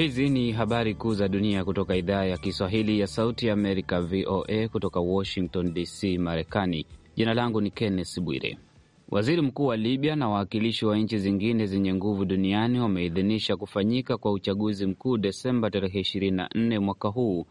Hizi ni habari kuu za dunia kutoka idhaa ya Kiswahili ya Sauti ya Amerika, VOA, kutoka Washington DC, Marekani. Jina langu ni Kenneth Bwire. Waziri mkuu wa Libya na wawakilishi wa nchi zingine zenye nguvu duniani wameidhinisha kufanyika kwa uchaguzi mkuu Desemba tarehe 24 mwaka huu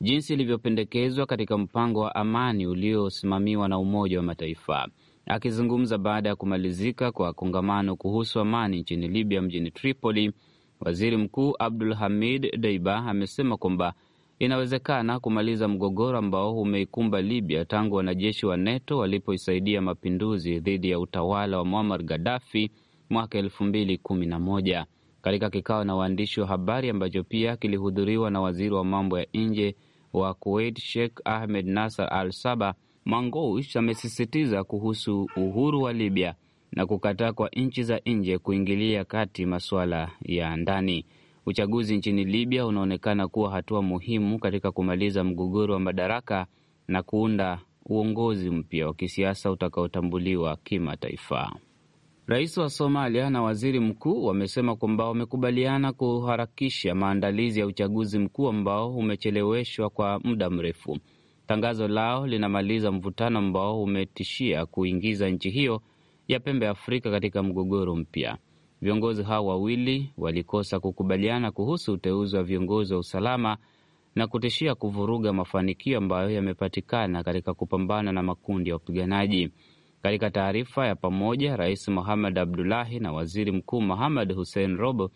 jinsi ilivyopendekezwa katika mpango wa amani uliosimamiwa na Umoja wa Mataifa. Akizungumza baada ya kumalizika kwa kongamano kuhusu amani nchini Libya mjini Tripoli, Waziri Mkuu Abdul Hamid Deiba amesema kwamba inawezekana kumaliza mgogoro ambao umeikumba Libya tangu wanajeshi wa NATO walipoisaidia mapinduzi dhidi ya utawala wa Muammar Gaddafi mwaka elfu mbili kumi na moja. Katika kikao na waandishi wa habari ambacho pia kilihudhuriwa na waziri wa mambo ya nje wa Kuwait Sheikh Ahmed Nasser Al Saba, Mangoush amesisitiza kuhusu uhuru wa Libya na kukataa kwa nchi za nje kuingilia kati masuala ya ndani. Uchaguzi nchini Libya unaonekana kuwa hatua muhimu katika kumaliza mgogoro wa madaraka na kuunda uongozi mpya wa kisiasa utakaotambuliwa kimataifa. Rais wa Somalia na waziri mkuu wamesema kwamba wamekubaliana kuharakisha maandalizi ya uchaguzi mkuu ambao umecheleweshwa kwa muda mrefu. Tangazo lao linamaliza mvutano ambao umetishia kuingiza nchi hiyo ya pembe Afrika katika mgogoro mpya. Viongozi hao wawili walikosa kukubaliana kuhusu uteuzi wa viongozi wa usalama na kutishia kuvuruga mafanikio ambayo yamepatikana katika kupambana na makundi ya wapiganaji. Katika taarifa ya pamoja, Rais Mohamed Abdullahi na Waziri Mkuu Mohamed Hussein Robo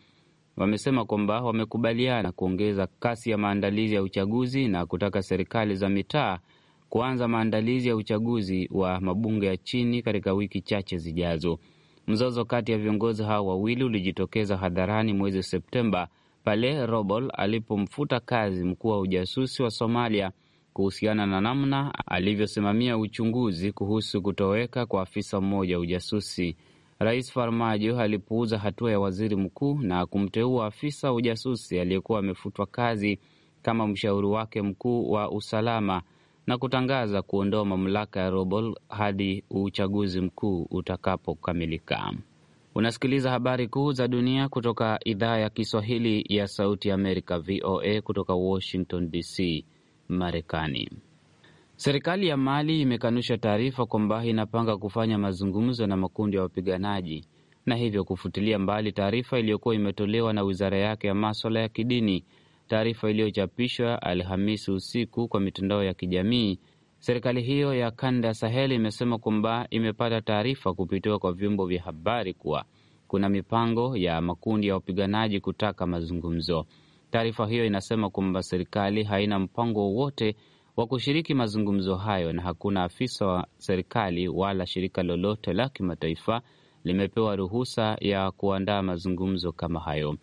wamesema kwamba wamekubaliana kuongeza kasi ya maandalizi ya uchaguzi na kutaka serikali za mitaa kuanza maandalizi ya uchaguzi wa mabunge ya chini katika wiki chache zijazo. Mzozo kati ya viongozi hao wawili ulijitokeza hadharani mwezi Septemba pale Robol alipomfuta kazi mkuu wa ujasusi wa Somalia kuhusiana na namna alivyosimamia uchunguzi kuhusu kutoweka kwa afisa mmoja wa ujasusi. Rais Farmajo alipuuza hatua ya waziri mkuu na kumteua afisa wa ujasusi aliyekuwa amefutwa kazi kama mshauri wake mkuu wa usalama na kutangaza kuondoa mamlaka ya Robol hadi uchaguzi mkuu utakapokamilika. Unasikiliza habari kuu za dunia kutoka idhaa ya Kiswahili ya Sauti ya Amerika, VOA, kutoka Washington DC, Marekani. Serikali ya Mali imekanusha taarifa kwamba inapanga kufanya mazungumzo na makundi ya wapiganaji na hivyo kufutilia mbali taarifa iliyokuwa imetolewa na wizara yake ya maswala ya kidini Taarifa iliyochapishwa Alhamisi usiku kwa mitandao ya kijamii, serikali hiyo ya kanda ya Saheli imesema kwamba imepata taarifa kupitiwa kwa vyombo vya habari kuwa kuna mipango ya makundi ya wapiganaji kutaka mazungumzo. Taarifa hiyo inasema kwamba serikali haina mpango wowote wa kushiriki mazungumzo hayo na hakuna afisa wa serikali wala shirika lolote la kimataifa limepewa ruhusa ya kuandaa mazungumzo kama hayo.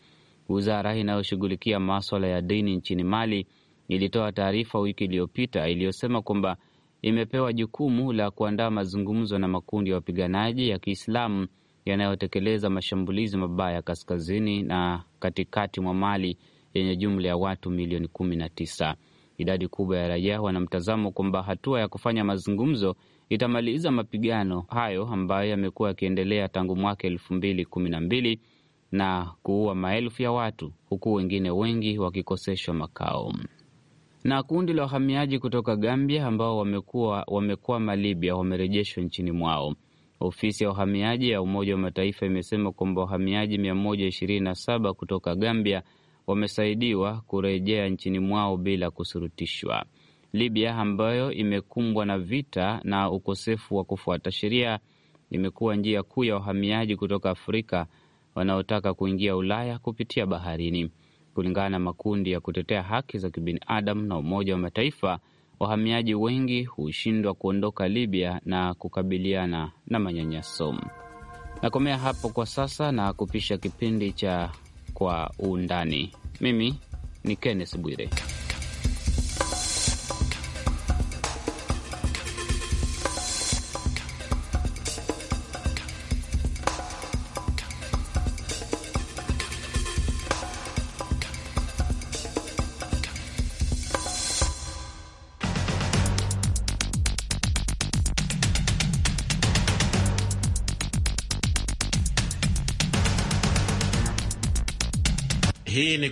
Wizara inayoshughulikia maswala ya dini nchini Mali ilitoa taarifa wiki iliyopita iliyosema kwamba imepewa jukumu la kuandaa mazungumzo na makundi ya wapiganaji ya Kiislamu yanayotekeleza mashambulizi mabaya kaskazini na katikati mwa Mali yenye jumla ya watu milioni kumi na tisa. Idadi kubwa ya raia wanamtazamo kwamba hatua ya kufanya mazungumzo itamaliza mapigano hayo ambayo yamekuwa yakiendelea tangu mwaka elfu mbili kumi na mbili na kuua maelfu ya watu huku wengine wengi wakikoseshwa makao. Na kundi la wahamiaji kutoka Gambia ambao wamekuwa wamekwama Libya wamerejeshwa nchini mwao. Ofisi ya wahamiaji ya Umoja wa Mataifa imesema kwamba wahamiaji 127 kutoka Gambia wamesaidiwa kurejea nchini mwao bila kusurutishwa. Libya ambayo imekumbwa na vita na ukosefu wa kufuata sheria imekuwa njia kuu ya wahamiaji kutoka Afrika wanaotaka kuingia Ulaya kupitia baharini. Kulingana na makundi ya kutetea haki za kibinadamu na Umoja wa Mataifa, wahamiaji wengi hushindwa kuondoka Libya na kukabiliana na manyanyaso. Nakomea hapo kwa sasa na kupisha kipindi cha Kwa Undani. Mimi ni Kenneth Bwire.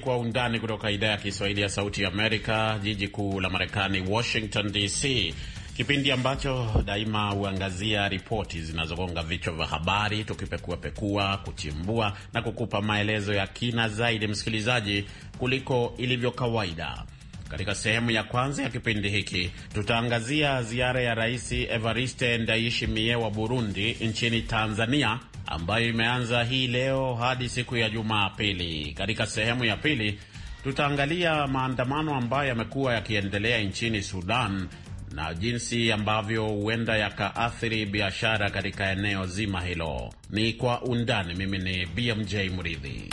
kwa undani kutoka idhaa ya Kiswahili ya Sauti ya Amerika, jiji kuu la Marekani, Washington DC, kipindi ambacho daima huangazia ripoti zinazogonga vichwa vya habari, tukipekuapekua, kuchimbua na kukupa maelezo ya kina zaidi, msikilizaji, kuliko ilivyo kawaida. Katika sehemu ya kwanza ya kipindi hiki tutaangazia ziara ya Rais Evariste Ndayishimiye wa Burundi nchini Tanzania ambayo imeanza hii leo hadi siku ya Jumapili. Katika sehemu ya pili tutaangalia maandamano ambayo yamekuwa yakiendelea nchini Sudan na jinsi ambavyo huenda yakaathiri biashara katika eneo zima hilo. Ni kwa undani. Mimi ni BMJ Mridhi.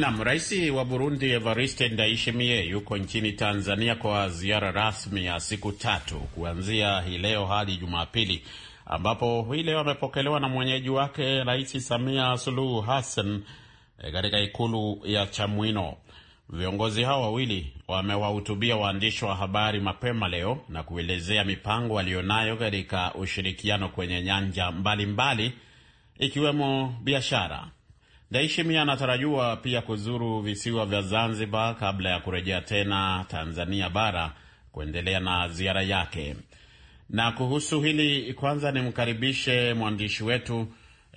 Nam, rais wa Burundi Evariste Ndayishimiye yuko nchini Tanzania kwa ziara rasmi ya siku tatu kuanzia hii leo hadi Jumapili, ambapo hii leo amepokelewa na mwenyeji wake Rais Samia Suluhu Hassan eh, katika ikulu ya Chamwino. Viongozi hao wawili wamewahutubia waandishi wa habari mapema leo na kuelezea mipango walionayo katika ushirikiano kwenye nyanja mbalimbali mbali, ikiwemo biashara Daishimi anatarajiwa pia kuzuru visiwa vya Zanzibar kabla ya kurejea tena Tanzania bara kuendelea na ziara yake. Na kuhusu hili kwanza nimkaribishe mwandishi wetu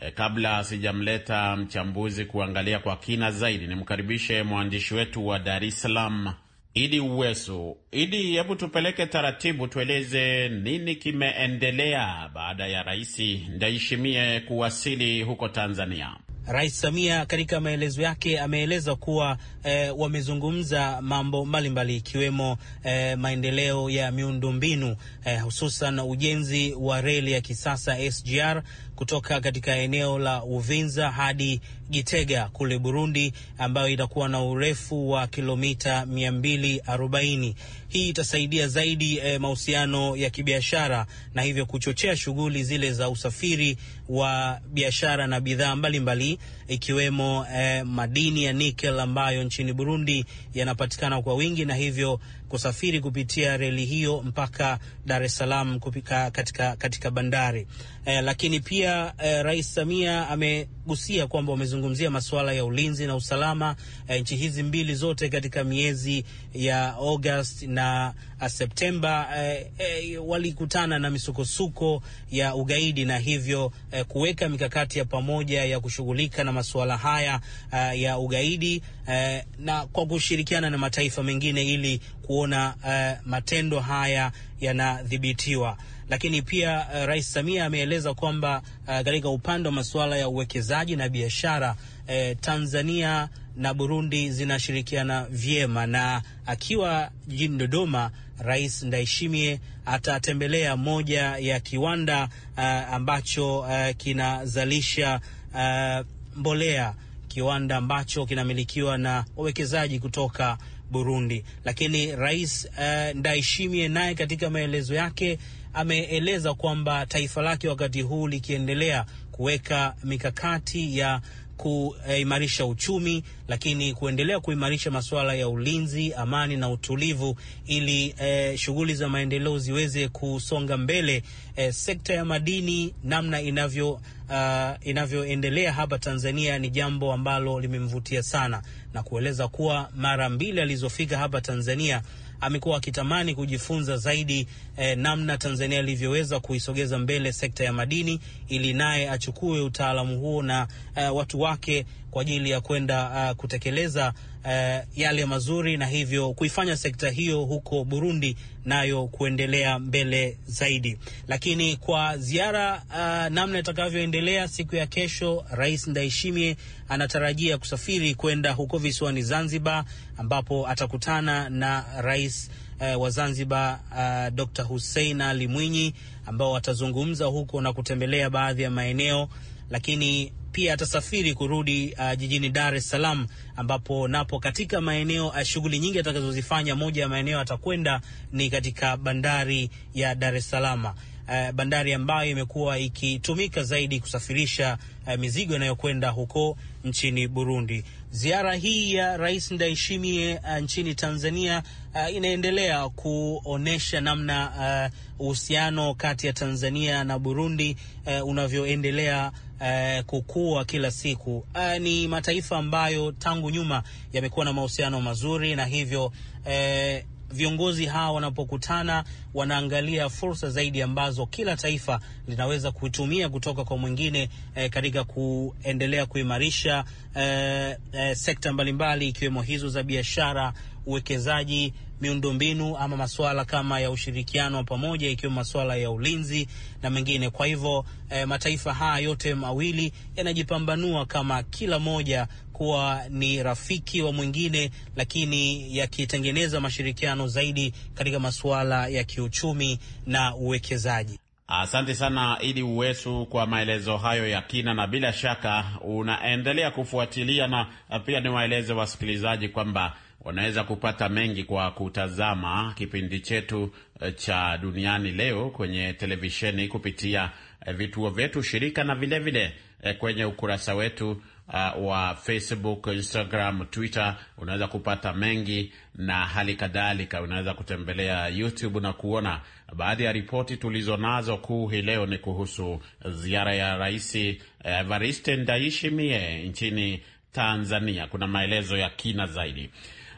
eh, kabla sijamleta mchambuzi kuangalia kwa kina zaidi, nimkaribishe mwandishi wetu wa Dar es Salaam Idi Uwesu. Idi, hebu tupeleke taratibu, tueleze nini kimeendelea baada ya Rais Ndayishimiye kuwasili huko Tanzania. Rais Samia katika maelezo yake ameeleza kuwa eh, wamezungumza mambo mbalimbali ikiwemo eh, maendeleo ya miundombinu eh, hususan ujenzi wa reli ya kisasa SGR kutoka katika eneo la Uvinza hadi Gitega kule Burundi, ambayo itakuwa na urefu wa kilomita 240. Hii itasaidia zaidi e, mahusiano ya kibiashara na hivyo kuchochea shughuli zile za usafiri wa biashara na bidhaa mbalimbali ikiwemo e, madini ya nikel ambayo nchini Burundi yanapatikana kwa wingi na hivyo kusafiri kupitia reli hiyo mpaka Dar es Salaam kupika katika, katika bandari eh, lakini pia eh, Rais Samia amegusia kwamba wamezungumzia masuala ya ulinzi na usalama eh, nchi hizi mbili zote katika miezi ya August na Uh, Septemba eh, uh, eh, uh, walikutana na misukosuko ya ugaidi na hivyo eh, kuweka mikakati ya pamoja ya kushughulika na masuala haya eh, ya ugaidi eh, na kwa kushirikiana na mataifa mengine ili kuona eh, matendo haya yanadhibitiwa. Lakini pia eh, Rais Samia ameeleza kwamba katika eh, upande wa masuala ya uwekezaji na biashara eh, Tanzania na Burundi zinashirikiana vyema, na akiwa jijini Dodoma Rais Ndaishimie atatembelea moja ya kiwanda uh, ambacho uh, kinazalisha uh, mbolea, kiwanda ambacho kinamilikiwa na wawekezaji kutoka Burundi. Lakini rais uh, Ndaishimie naye katika maelezo yake ameeleza kwamba taifa lake wakati huu likiendelea kuweka mikakati ya kuimarisha uchumi, lakini kuendelea kuimarisha masuala ya ulinzi, amani na utulivu, ili eh, shughuli za maendeleo ziweze kusonga mbele. Eh, sekta ya madini namna inavyo Uh, inavyoendelea hapa Tanzania ni jambo ambalo limemvutia sana na kueleza kuwa mara mbili alizofika hapa Tanzania amekuwa akitamani kujifunza zaidi eh, namna Tanzania ilivyoweza kuisogeza mbele sekta ya madini ili naye achukue utaalamu huo na eh, watu wake kwa ajili ya kwenda uh, kutekeleza uh, yale mazuri na hivyo kuifanya sekta hiyo huko Burundi nayo kuendelea mbele zaidi. Lakini kwa ziara uh, namna itakavyoendelea siku ya kesho, Rais Ndayishimiye anatarajia kusafiri kwenda huko visiwani Zanzibar, ambapo atakutana na rais eh, wa Zanzibar uh, eh, Dr. Hussein Ali Mwinyi, ambao watazungumza huko na kutembelea baadhi ya maeneo, lakini pia atasafiri kurudi uh, jijini Dar es Salaam ambapo napo katika maeneo uh, shughuli nyingi atakazozifanya, moja ya maeneo atakwenda ni katika bandari ya Dar es Salaam eh, bandari ambayo imekuwa ikitumika zaidi kusafirisha eh, mizigo inayokwenda huko nchini Burundi. Ziara hii ya Rais Ndayishimiye uh, nchini Tanzania uh, inaendelea kuonyesha namna eh, uhusiano kati ya Tanzania na Burundi uh, unavyoendelea Uh, kukua kila siku. Uh, ni mataifa ambayo tangu nyuma yamekuwa na mahusiano mazuri na hivyo uh, viongozi hawa wanapokutana wanaangalia fursa zaidi ambazo kila taifa linaweza kutumia kutoka kwa mwingine eh, katika kuendelea kuimarisha eh, eh, sekta mbalimbali ikiwemo hizo za biashara, uwekezaji miundombinu ama masuala kama ya ushirikiano wa pamoja ikiwemo masuala ya ulinzi na mengine. Kwa hivyo eh, mataifa haya yote mawili yanajipambanua kama kila moja kuwa ni rafiki wa mwingine, lakini yakitengeneza mashirikiano zaidi katika masuala ya kiuchumi na uwekezaji. Asante sana Idi Uwesu kwa maelezo hayo ya kina, na bila shaka unaendelea kufuatilia, na pia niwaeleze wasikilizaji kwamba wanaweza kupata mengi kwa kutazama kipindi chetu eh, cha Duniani Leo kwenye televisheni kupitia eh, vituo vyetu shirika na vilevile vile eh, kwenye ukurasa wetu uh, wa Facebook, Instagram, Twitter. Unaweza kupata mengi na hali kadhalika, unaweza kutembelea YouTube na kuona baadhi ya ripoti tulizonazo. Kuu hii leo ni kuhusu ziara ya Rais Evariste uh, Ndayishimiye nchini Tanzania. Kuna maelezo ya kina zaidi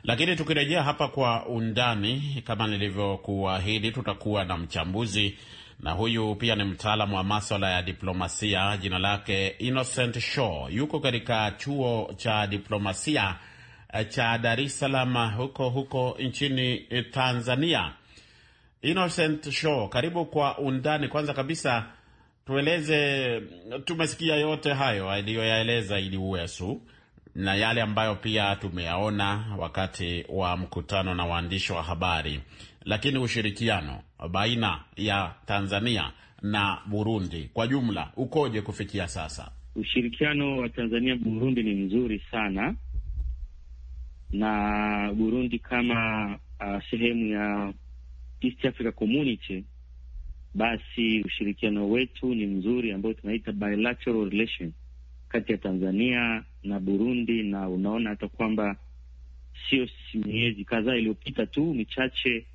lakini tukirejea hapa kwa undani, kama nilivyokuahidi, tutakuwa na mchambuzi na huyu pia ni mtaalamu wa maswala ya diplomasia. Jina lake Innocent Shaw, yuko katika chuo cha diplomasia eh, cha Dar es Salaam huko huko nchini eh, Tanzania. Innocent Shaw, karibu kwa undani. Kwanza kabisa tueleze, tumesikia yote hayo aliyoyaeleza ili Uwesu na yale ambayo pia tumeyaona wakati wa mkutano na waandishi wa habari. Lakini ushirikiano baina ya Tanzania na Burundi kwa jumla ukoje kufikia sasa? Ushirikiano wa Tanzania Burundi ni mzuri sana, na Burundi kama uh, sehemu ya East Africa Community, basi ushirikiano wetu ni mzuri, ambao tunaita bilateral relations kati ya Tanzania na Burundi, na unaona hata kwamba sio miezi kadhaa iliyopita tu michache,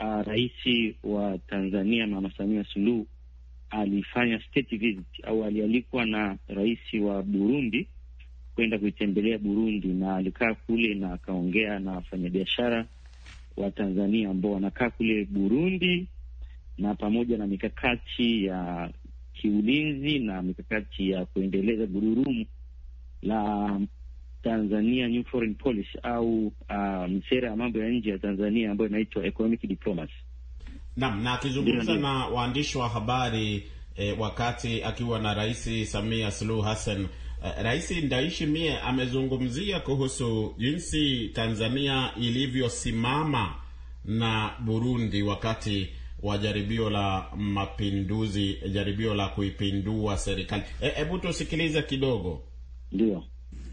uh, rais wa Tanzania Mama Samia Suluhu alifanya state visit au alialikwa na rais wa Burundi kwenda kuitembelea Burundi, na alikaa kule na akaongea na wafanyabiashara wa Tanzania ambao wanakaa kule Burundi na pamoja na mikakati ya kiulinzi na mikakati ya kuendeleza gururumu la Tanzania New Foreign Policy au um, sera ya mambo ya nje ya Tanzania ambayo inaitwa economic diplomacy. Naam, na akizungumza na, na waandishi wa habari eh, wakati akiwa na Rais Samia Suluhu Hassan eh, Rais Ndaishi mie amezungumzia kuhusu jinsi Tanzania ilivyosimama na Burundi wakati wa jaribio la mapinduzi, jaribio la kuipindua serikali. E, hebu e, tusikilize kidogo. Ndio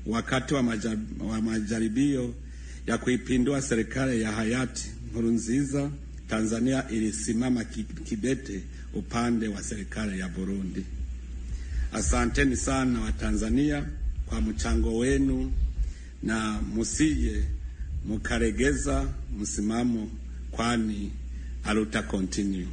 wakati wa, majar, wa majaribio ya kuipindua serikali ya hayati Nkurunziza, Tanzania ilisimama kidete upande wa serikali ya Burundi. Asanteni sana Watanzania kwa mchango wenu na musije mukaregeza msimamo, kwani halutacontinue.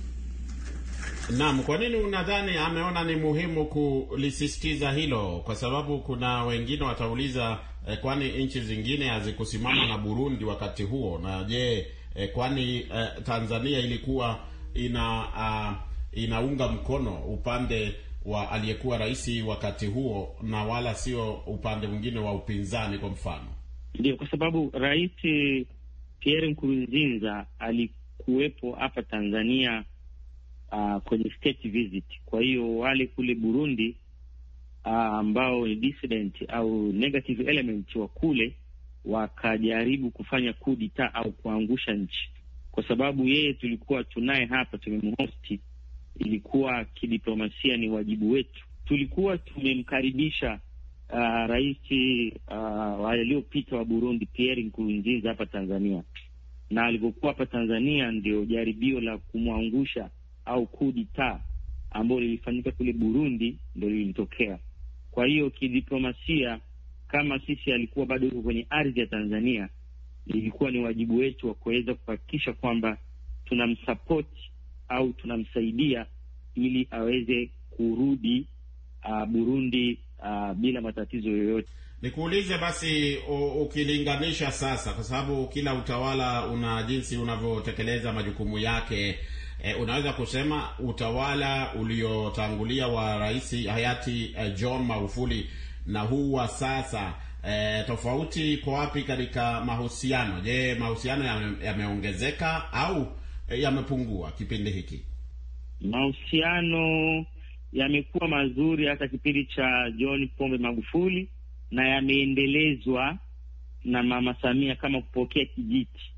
Naam, kwa nini unadhani ameona ni muhimu kulisisitiza hilo? Kwa sababu kuna wengine watauliza eh, kwani nchi zingine hazikusimama na Burundi wakati huo? Na je, eh, kwani eh, Tanzania ilikuwa ina uh, inaunga mkono upande wa aliyekuwa rais wakati huo na wala sio upande mwingine wa upinzani? Kwa mfano, ndio kwa sababu Rais Pierre Nkurunziza alikuwa kuwepo hapa Tanzania uh, kwenye state visit. Kwa hiyo wale kule Burundi uh, ambao ni dissident au negative element wa kule wakajaribu kufanya kudita au kuangusha nchi, kwa sababu yeye tulikuwa tunaye hapa, tumemhosti. Ilikuwa kidiplomasia ni wajibu wetu, tulikuwa tumemkaribisha uh, rais uh, aliyopita wa Burundi Pierre Nkurunziza hapa Tanzania na alivyokuwa hapa Tanzania ndio jaribio la kumwangusha au kudita ambayo lilifanyika kule Burundi ndo lilitokea. Kwa hiyo kidiplomasia, kama sisi alikuwa bado yuko kwenye ardhi ya Tanzania, ilikuwa ni wajibu wetu wa kuweza kuhakikisha kwamba tunamsapoti au tunamsaidia ili aweze kurudi uh, Burundi uh, bila matatizo yoyote. Nikuulize basi, ukilinganisha sasa, kwa sababu kila utawala una jinsi unavyotekeleza majukumu yake e, unaweza kusema utawala uliotangulia wa rais hayati e, John Magufuli na huu wa sasa e, tofauti iko wapi katika mahusiano? Je, mahusiano yameongezeka ya au yamepungua kipindi hiki? Mahusiano yamekuwa mazuri hata kipindi cha John Pombe Magufuli na yameendelezwa na Mama Samia kama kupokea kijiti.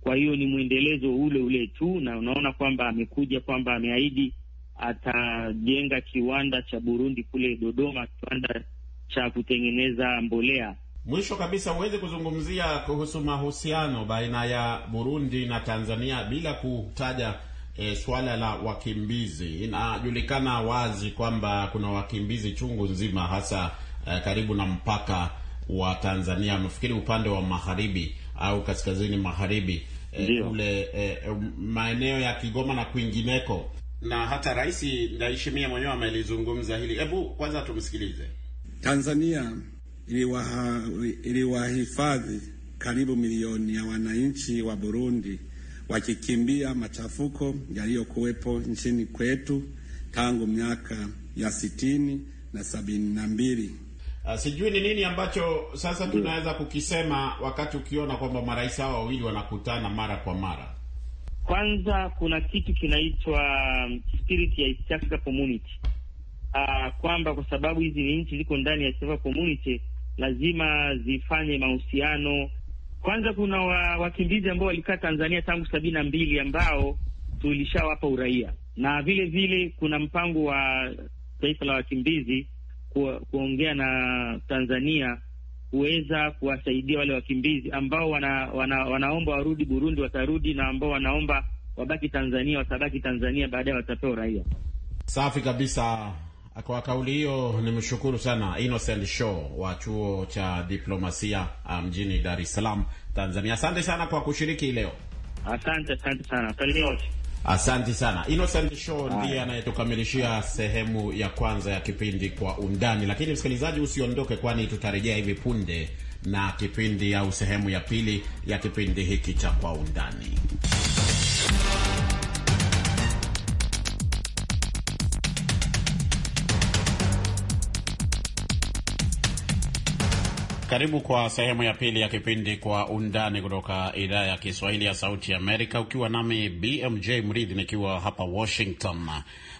Kwa hiyo ni mwendelezo ule ule tu, na unaona kwamba amekuja kwamba ameahidi atajenga kiwanda cha Burundi kule Dodoma, kiwanda cha kutengeneza mbolea. Mwisho kabisa, huwezi kuzungumzia kuhusu mahusiano baina ya Burundi na Tanzania bila kutaja e, swala la wakimbizi. Inajulikana wazi kwamba kuna wakimbizi chungu nzima, hasa eh, karibu na mpaka wa Tanzania, nafikiri upande wa magharibi au kaskazini magharibi eh, kule eh, um, maeneo ya Kigoma na kwingineko, na hata Rais Ndayishimiye mwenyewe amelizungumza hili. Hebu kwanza tumsikilize. Tanzania iliwahifadhi karibu milioni ya wananchi wa Burundi wakikimbia machafuko yaliyokuwepo nchini kwetu tangu miaka ya sitini na sabini na mbili. Uh, sijui ni nini ambacho sasa tunaweza kukisema wakati ukiona kwamba marais hawa wawili wanakutana mara kwa mara. Kwanza kuna kitu kinaitwa um, spirit ya East Africa Community uh, kwamba kwa sababu hizi ni nchi ziko ndani ya East Africa Community lazima zifanye mahusiano. Kwanza kuna wa, wakimbizi ambao walikaa Tanzania tangu sabini na mbili ambao tulishawapa uraia na vile vile kuna mpango wa taifa la wakimbizi kuongea na Tanzania kuweza kuwasaidia wale wakimbizi ambao wana, wana, wanaomba warudi Burundi watarudi, na ambao wanaomba wabaki Tanzania watabaki Tanzania, baadaye watapewa uraia. Safi kabisa. Kwa kauli hiyo nimshukuru sana Innocent Show wa chuo cha diplomasia ah, mjini Dar es Salaam, Tanzania. Asante sana kwa kushiriki leo. Asante, asante sana. Asante sana Innocent Show ndiye anayetukamilishia sehemu ya kwanza ya kipindi Kwa Undani, lakini msikilizaji, usiondoke, kwani tutarejea hivi punde na kipindi au sehemu ya pili ya kipindi hiki cha Kwa Undani. Karibu kwa sehemu ya pili ya kipindi Kwa Undani kutoka idhaa ya Kiswahili ya Sauti ya Amerika, ukiwa nami BMJ Mridhi nikiwa hapa Washington.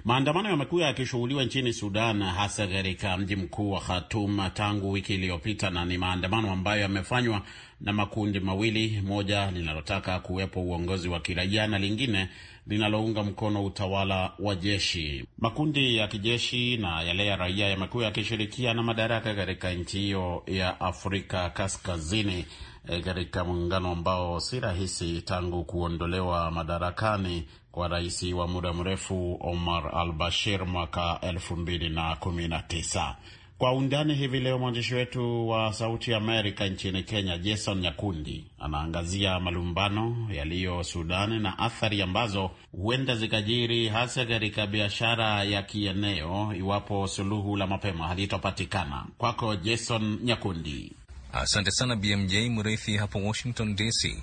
Maandamano yamekuwa yakishughuliwa nchini Sudan, hasa katika mji mkuu wa khatum tangu wiki iliyopita, na ni maandamano ambayo yamefanywa na makundi mawili, moja linalotaka kuwepo uongozi wa kiraia na lingine linalounga mkono utawala wa jeshi. Makundi ya kijeshi na yale ya raia yamekuwa yakishirikiana madaraka katika nchi hiyo ya Afrika Kaskazini eh, katika muungano ambao si rahisi tangu kuondolewa madarakani kwa rais wa muda mrefu Omar al Bashir mwaka elfu mbili na kumi na tisa. Kwa undani hivi leo, mwandishi wetu wa Sauti ya Amerika nchini Kenya, Jason Nyakundi, anaangazia malumbano yaliyo Sudani na athari ambazo huenda zikajiri hasa katika biashara ya kieneo iwapo suluhu la mapema halitopatikana. Kwako Jason Nyakundi. Asante sana BMJ Mreithi hapo Washington DC.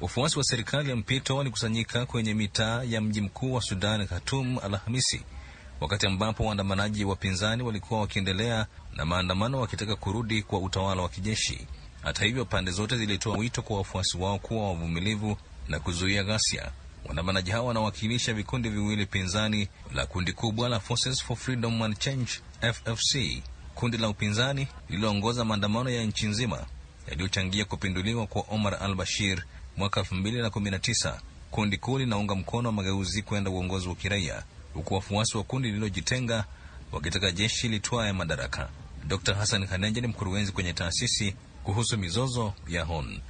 Wafuasi wa serikali ya mpito walikusanyika kwenye mitaa ya mji mkuu wa Sudan, Khartoum, Alhamisi wakati ambapo waandamanaji wapinzani walikuwa wakiendelea na maandamano wakitaka kurudi kwa utawala wa kijeshi. Hata hivyo, pande zote zilitoa wito kwa wafuasi wao kuwa wavumilivu na kuzuia ghasia. Waandamanaji hawo wanawakilisha vikundi viwili pinzani la kundi kubwa la Forces for Freedom and Change FFC, kundi la upinzani lililoongoza maandamano ya nchi nzima yaliyochangia kupinduliwa kwa Omar al Bashir mwaka elfu na Kundi kuu linaunga mkono mageuzi kwenda uongozi wa kiraia huku wafuasi wa kundi lililojitenga wakitaka jeshi litwaye madaraka. Dr Hassan Khaneja ni mkurugenzi kwenye taasisi kuhusu mizozo ya Hon.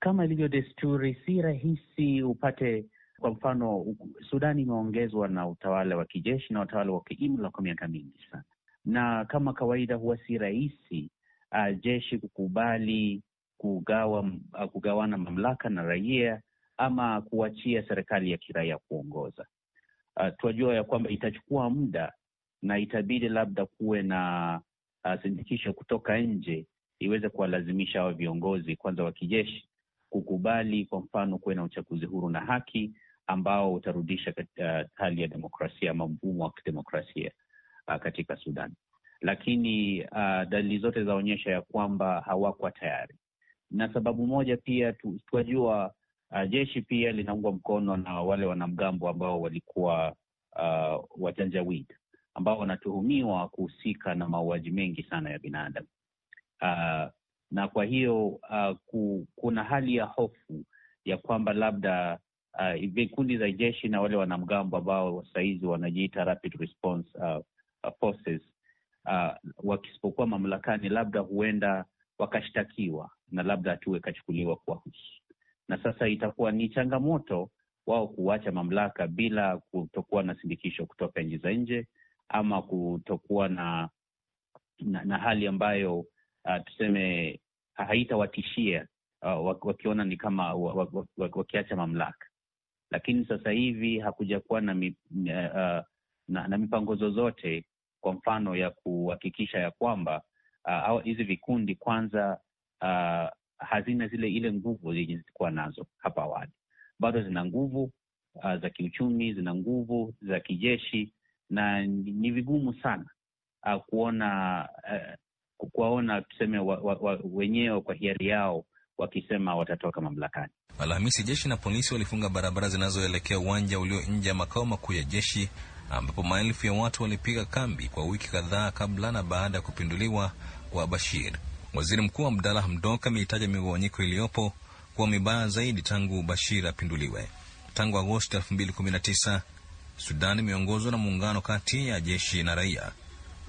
Kama ilivyo desturi, si rahisi upate kwa mfano, Sudani imeongezwa na utawala wa kijeshi na utawala wa kiimla kwa miaka mingi sana, na kama kawaida huwa si rahisi uh, jeshi kukubali kugawa, uh, kugawana mamlaka na raia ama kuachia serikali ya kiraia kuongoza uh, ah, tunajua ya kwamba itachukua muda na itabidi labda kuwe na uh, sindikisho kutoka nje iweze kuwalazimisha hawa viongozi kwanza wa kijeshi kukubali, kwa mfano, kuwe na uchaguzi huru na haki ambao utarudisha uh, hali ya demokrasia ama mfumo wa kidemokrasia uh, katika Sudan. Lakini uh, dalili zote zaonyesha ya kwamba hawakwa tayari, na sababu moja pia tu, tuwajua Uh, jeshi pia linaungwa mkono na wale wanamgambo ambao walikuwa uh, ah, wajanjawid ambao wanatuhumiwa kuhusika na mauaji mengi sana ya binadamu uh, na kwa hiyo uh, ku, kuna hali ya hofu ya kwamba labda uh, vikundi za jeshi na wale wanamgambo ambao sahizi wanajiita rapid response uh, uh, forces uh, wakisipokuwa mamlakani, labda huenda wakashtakiwa na labda hatua ikachukuliwa kuwahusu na sasa itakuwa ni changamoto wao kuacha mamlaka bila kutokuwa na sindikisho kutoka nchi za nje ama kutokuwa na, na, na hali ambayo uh, tuseme haitawatishia uh, wakiona ni kama wakiacha mamlaka. Lakini sasa hivi hakuja kuwa na, mi, uh, na, na mipango zozote kwa mfano ya kuhakikisha ya kwamba hizi uh, vikundi kwanza uh, hazina zile ile nguvu zenye zilikuwa nazo hapa awali. Bado zina nguvu uh, za kiuchumi, zina nguvu za kijeshi, na ni vigumu sana uh, kuona uh, kuwaona tuseme wa, wa, wa, wenyewe kwa hiari yao wakisema watatoka mamlakani. Alhamisi jeshi na polisi walifunga barabara zinazoelekea uwanja ulio nje ya makao makuu ya jeshi ambapo maelfu ya watu walipiga kambi kwa wiki kadhaa kabla na baada ya kupinduliwa kwa Bashir. Waziri Mkuu Abdalla Hamdok ameitaja migawanyiko iliyopo kuwa mibaya zaidi tangu Bashir apinduliwe. Tangu Agosti 2019 Sudan imeongozwa na muungano kati ya jeshi na raia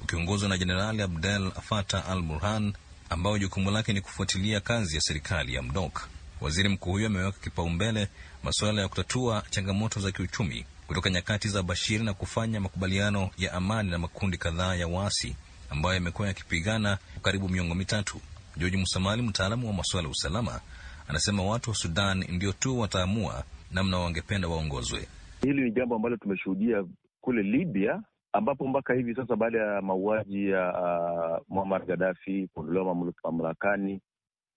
ukiongozwa na Jenerali Abdel Fattah al Burhan, ambayo jukumu lake ni kufuatilia kazi ya serikali ya mdok Waziri mkuu huyo ameweka kipaumbele masuala ya kutatua changamoto za kiuchumi kutoka nyakati za Bashir na kufanya makubaliano ya amani na makundi kadhaa ya waasi ambayo yamekuwa yakipigana kwa karibu miongo mitatu. George Musamali, mtaalamu wa masuala ya usalama, anasema watu wa Sudan ndio tu wataamua namna wangependa waongozwe. Hili ni jambo ambalo tumeshuhudia kule Libya ambapo mpaka hivi sasa baada ya mauaji ya uh, Muammar Gaddafi kuondolewa mamlakani,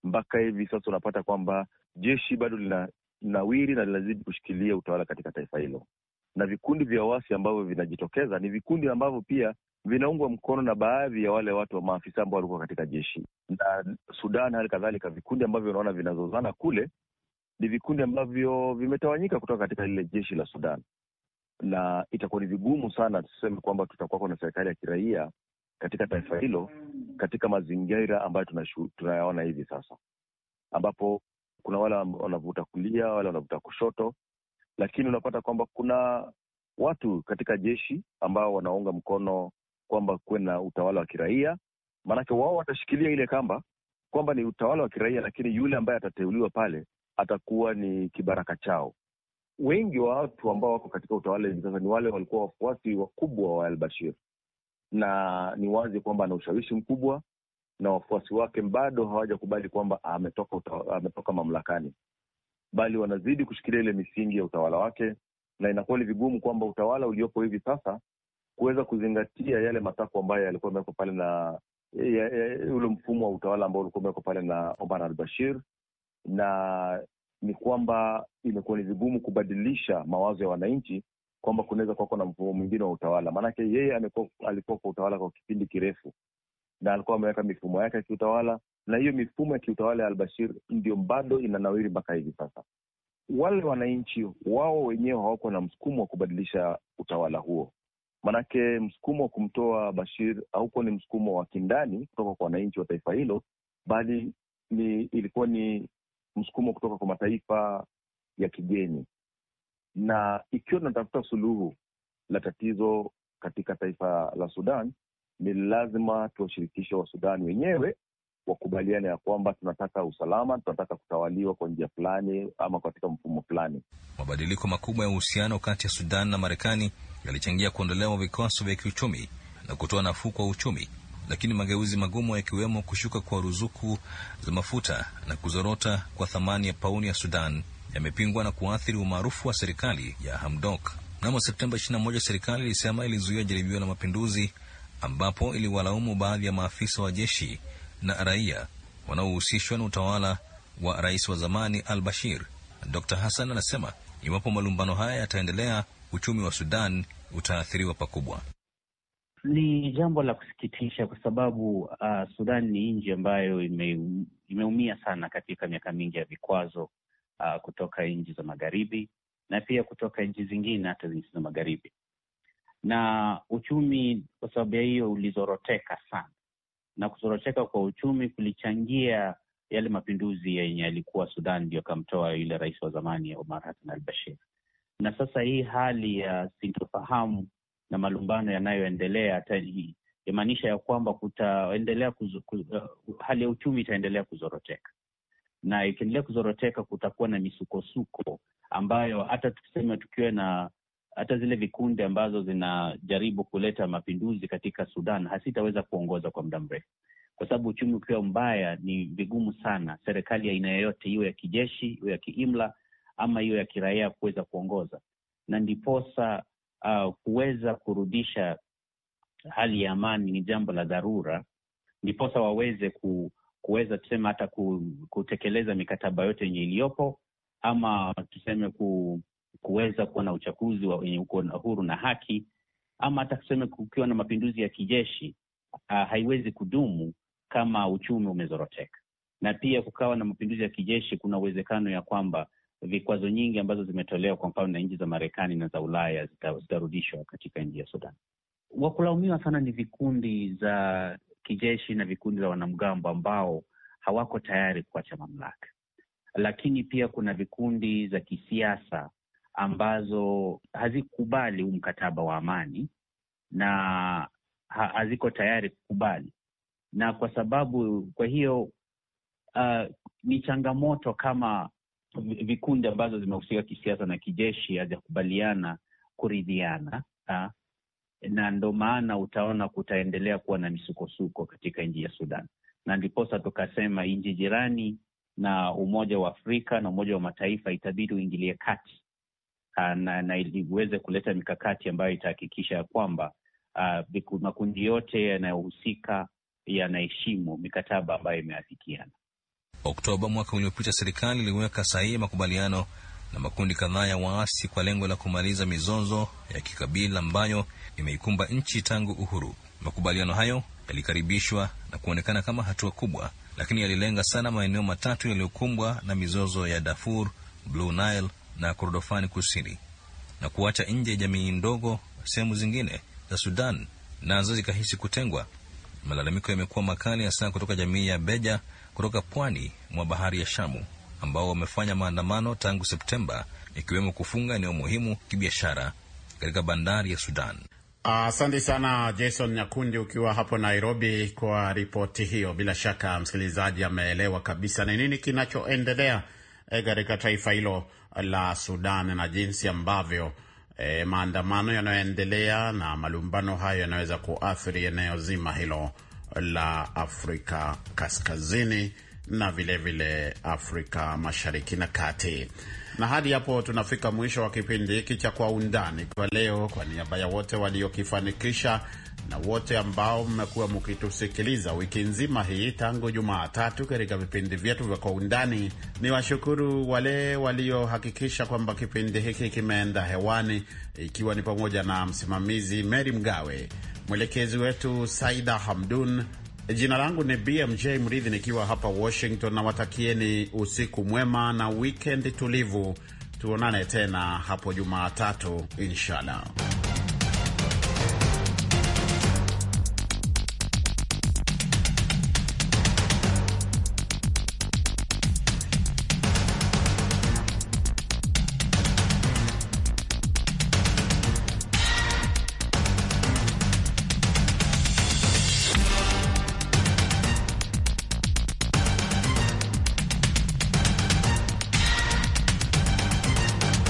mpaka hivi sasa unapata kwamba jeshi bado linanawiri na linazidi kushikilia utawala katika taifa hilo, na vikundi vya wasi ambavyo vinajitokeza ni vikundi ambavyo pia vinaungwa mkono na baadhi ya wale watu wa maafisa ambao walikuwa katika jeshi na Sudan. Hali kadhalika vikundi ambavyo unaona vinazozana kule ni vikundi ambavyo vimetawanyika kutoka katika lile jeshi la Sudan, na itakuwa ni vigumu sana tuseme kwamba tutakuwako na serikali ya kiraia katika taifa hilo katika mazingira ambayo tunayaona hivi sasa, ambapo kuna wale wanavuta kulia, wale wanavuta kushoto, lakini unapata kwamba kuna watu katika jeshi ambao wanaunga mkono kwamba kuwe na utawala wa kiraia, maanake wao watashikilia ile kamba kwamba ni utawala wa kiraia, lakini yule ambaye atateuliwa pale atakuwa ni kibaraka chao. Wengi wa watu ambao wako katika utawala hivi sasa ni wale walikuwa wafuasi wakubwa wa al-Bashir, na ni wazi kwamba ana ushawishi mkubwa na wafuasi wake bado hawajakubali kwamba ametoka, ametoka mamlakani, bali wanazidi kushikilia ile misingi ya utawala wake, na inakuwa ni vigumu kwamba utawala uliopo hivi sasa kuweza kuzingatia yale matakwa ambayo yalikuwa yamewekwa pale na ule mfumo wa utawala ambao ulikuwa umewekwa pale na Omar al Bashir, na ni kwamba imekuwa ni vigumu kubadilisha mawazo ya wananchi kwamba kunaweza kuwako na mfumo mwingine wa utawala. Maanake yeye alikuwa kwa utawala kwa kipindi kirefu na alikuwa ameweka mifumo yake ya kiutawala, na hiyo mifumo ya kiutawala ya Albashir ndio bado inanawiri mpaka hivi sasa. Wale wananchi wao wenyewe hawako na msukumo wa kubadilisha utawala huo, Manake msukumo wa kumtoa Bashir haukuwa ni msukumo wa kindani kutoka kwa wananchi wa taifa hilo, bali ni ilikuwa ni msukumo kutoka kwa mataifa ya kigeni, na ikiwa tunatafuta suluhu la tatizo katika taifa la Sudan, ni lazima tuwashirikishe Wasudani wenyewe wakubaliane ya kwamba tunataka usalama, tunataka kutawaliwa kwa njia fulani ama katika mfumo fulani. Mabadiliko makubwa ya uhusiano kati ya Sudan na Marekani yalichangia kuondolewa vikwazo vya kiuchumi na kutoa nafuu kwa uchumi, lakini mageuzi magumu yakiwemo kushuka kwa ruzuku za mafuta na kuzorota kwa thamani ya pauni ya Sudan yamepingwa na kuathiri umaarufu wa serikali ya Hamdok. Mnamo Septemba 21 serikali ilisema ilizuia jaribio la mapinduzi ambapo iliwalaumu baadhi ya maafisa wa jeshi na raia wanaohusishwa na utawala wa rais wa zamani Al Bashir. Dr Hassan anasema iwapo malumbano haya yataendelea, uchumi wa Sudan utaathiriwa pakubwa. Ni jambo la kusikitisha kwa sababu uh, Sudan ni nchi ambayo ime, imeumia sana katika miaka mingi ya vikwazo uh, kutoka nchi za magharibi na pia kutoka nchi zingine, hata nchi za magharibi, na uchumi kwa sababu ya hiyo ulizoroteka sana, na kuzoroteka kwa uchumi kulichangia yale mapinduzi yenye ya alikuwa Sudan ndio akamtoa yule rais wa zamani Omar Hassan al-Bashir na sasa hii hali ya sintofahamu na malumbano yanayoendelea yamaanisha ya kwamba kutaendelea kuzo, ku, uh, hali ya uchumi itaendelea kuzoroteka, na ikiendelea kuzoroteka kutakuwa na misukosuko ambayo hata tuseme tukiwe na hata zile vikundi ambazo zinajaribu kuleta mapinduzi katika Sudan hasitaweza kuongoza kwa muda mrefu, kwa sababu uchumi ukiwa mbaya, ni vigumu sana serikali ya aina yoyote, iwe ya kijeshi, iwe ya kiimla, ama hiyo ya kiraia kuweza kuongoza, na ndiposa uh, kuweza kurudisha hali ya amani ni jambo la dharura, ndiposa waweze ku, kuweza tuseme hata ku, kutekeleza mikataba yote yenye iliyopo ama tuseme ku, kuweza kuwa na uchaguzi wenye uko na huru na haki ama hata tuseme kukiwa na mapinduzi ya kijeshi uh, haiwezi kudumu kama uchumi umezoroteka, na pia kukawa na mapinduzi ya kijeshi kuna uwezekano ya kwamba vikwazo nyingi ambazo zimetolewa kwa mfano na nchi za Marekani na za Ulaya zitarudishwa katika nchi ya Sudan. Wakulaumiwa sana ni vikundi za kijeshi na vikundi za wanamgambo ambao hawako tayari kuacha mamlaka, lakini pia kuna vikundi za kisiasa ambazo hazikubali huu mkataba wa amani na haziko tayari kukubali, na kwa sababu kwa hiyo uh, ni changamoto kama vikundi ambazo zimehusika kisiasa na kijeshi hazijakubaliana kuridhiana ha? na ndo maana utaona kutaendelea kuwa na misukosuko katika nchi ya Sudan, na ndiposa tukasema nchi jirani na Umoja wa Afrika na Umoja wa Mataifa itabidi uingilie kati na, na iliweze kuleta mikakati ambayo itahakikisha ya kwamba makundi yote yanayohusika yanaheshimu mikataba ambayo imeafikiana. Oktoba mwaka uliopita, serikali iliweka sahihi makubaliano na makundi kadhaa ya waasi kwa lengo la kumaliza mizozo ya kikabila ambayo imeikumba nchi tangu uhuru. Makubaliano hayo yalikaribishwa na kuonekana kama hatua kubwa, lakini yalilenga sana maeneo matatu yaliyokumbwa na mizozo ya Darfur, Blue Nile na Kordofani Kusini, na kuacha nje jamii ndogo sehemu zingine za Sudan, nazo zikahisi kutengwa. Malalamiko yamekuwa makali hasa kutoka jamii ya Beja kutoka pwani mwa bahari ya Shamu ambao wamefanya maandamano tangu Septemba, ikiwemo kufunga eneo muhimu kibiashara katika bandari ya Sudan. Asante uh, sana Jason Nyakundi ukiwa hapo Nairobi kwa ripoti hiyo. Bila shaka msikilizaji ameelewa kabisa ni nini kinachoendelea eh, katika taifa hilo la Sudan na jinsi ambavyo e, maandamano yanayoendelea na malumbano hayo yanaweza kuathiri eneo zima hilo la Afrika Kaskazini na vilevile vile Afrika Mashariki na Kati. Na hadi hapo tunafika mwisho wa kipindi hiki cha Kwa Undani kwa leo. Kwa niaba ya wote waliokifanikisha na wote ambao mmekuwa mkitusikiliza wiki nzima hii tangu Jumatatu katika vipindi vyetu vya Kwa Undani. Ni washukuru wale waliohakikisha kwamba kipindi hiki kimeenda hewani, ikiwa ni pamoja na msimamizi Meri Mgawe, mwelekezi wetu Saida Hamdun. Jina langu ni BMJ Mridhi nikiwa hapa Washington, na watakieni usiku mwema na wikendi tulivu. Tuonane tena hapo Jumatatu inshallah.